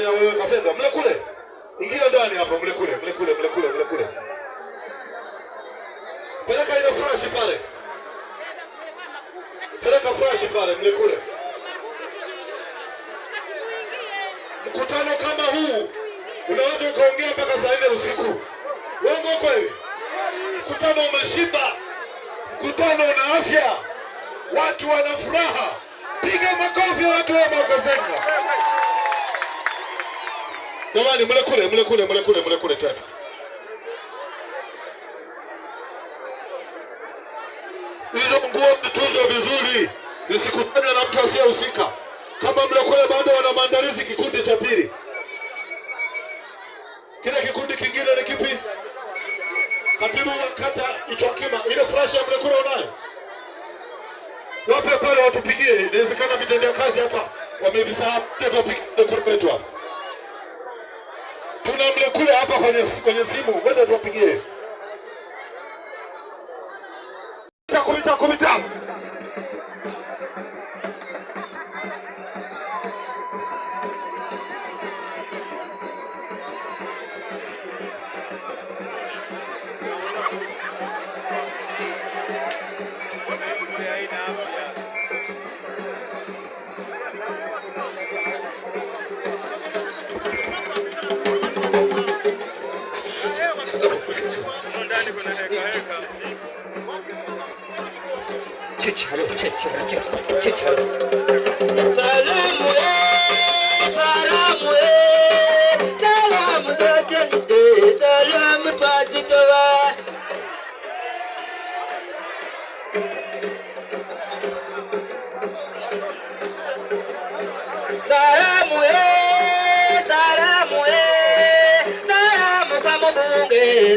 tena wewe kafedha mle kule, ingia ndani hapo, mle kule, mle kule, mle kule, mle kule, peleka ile flash pale, peleka flash pale, mle kule. Mkutano kama huu unaweza ukaongea mpaka saa nne usiku, uongo kweli? Mkutano umeshiba, mkutano una afya, watu wana furaha. Piga makofi watu wa Magazenga. Jamani, mle kule, mle kule, mle kule, mle kule tena. Hizo nguo zitunzwe vizuri, zisikusanywe na mtu asiyehusika. Kama mle kule bado wana maandalizi, kikundi cha pili. Kile kikundi kingine ni kipi? Katibu wa kata Itwakima, ile flash ya mle kule unayo? Wape pale watupigie, inawezekana vitendea kazi hapa wamevisahau, tutapika kule kwetu hapa kule hapa kwenye, kwenye simu wende tuwapigie. Kumita kumita kumita. 최차로 최차로 최차로 최차로 사람해사람해 사람을 받았는데 사람을 받았더라 사람을 사람을 사람을 가면 뭔게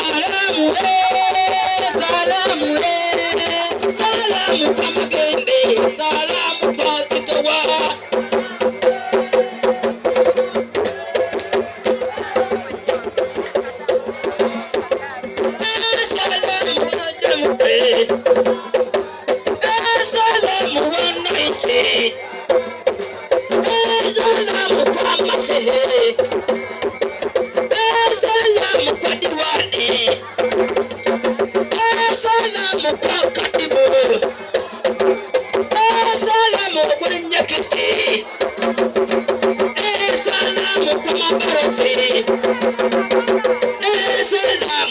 salamu he salamu he salamu kama gende salamu twatikawa Hey, hey. ሰላም ጉርኛ ክቲ ሰላም ኩማ በረሴ ሰላም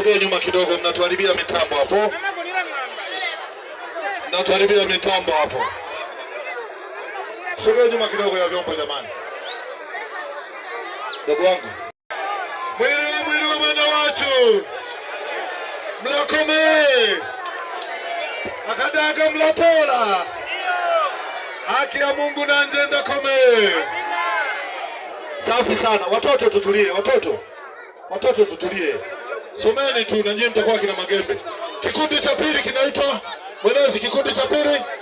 Msogee nyuma kidogo, mnatuharibia mitambo hapo, mnatuharibia mitambo hapo. Msogee nyuma kidogo ya vyombo jamani, ndugu wangu. Mwili mwili wa mwana watu mlakome akadaga mlapola haki ya Mungu na njenda kome. Safi sana watoto, tutulie watoto, watoto tutulie someni tu na nyinyi mtakuwa kina Magembe. Kikundi cha pili kinaitwa Mwenezi, kikundi cha pili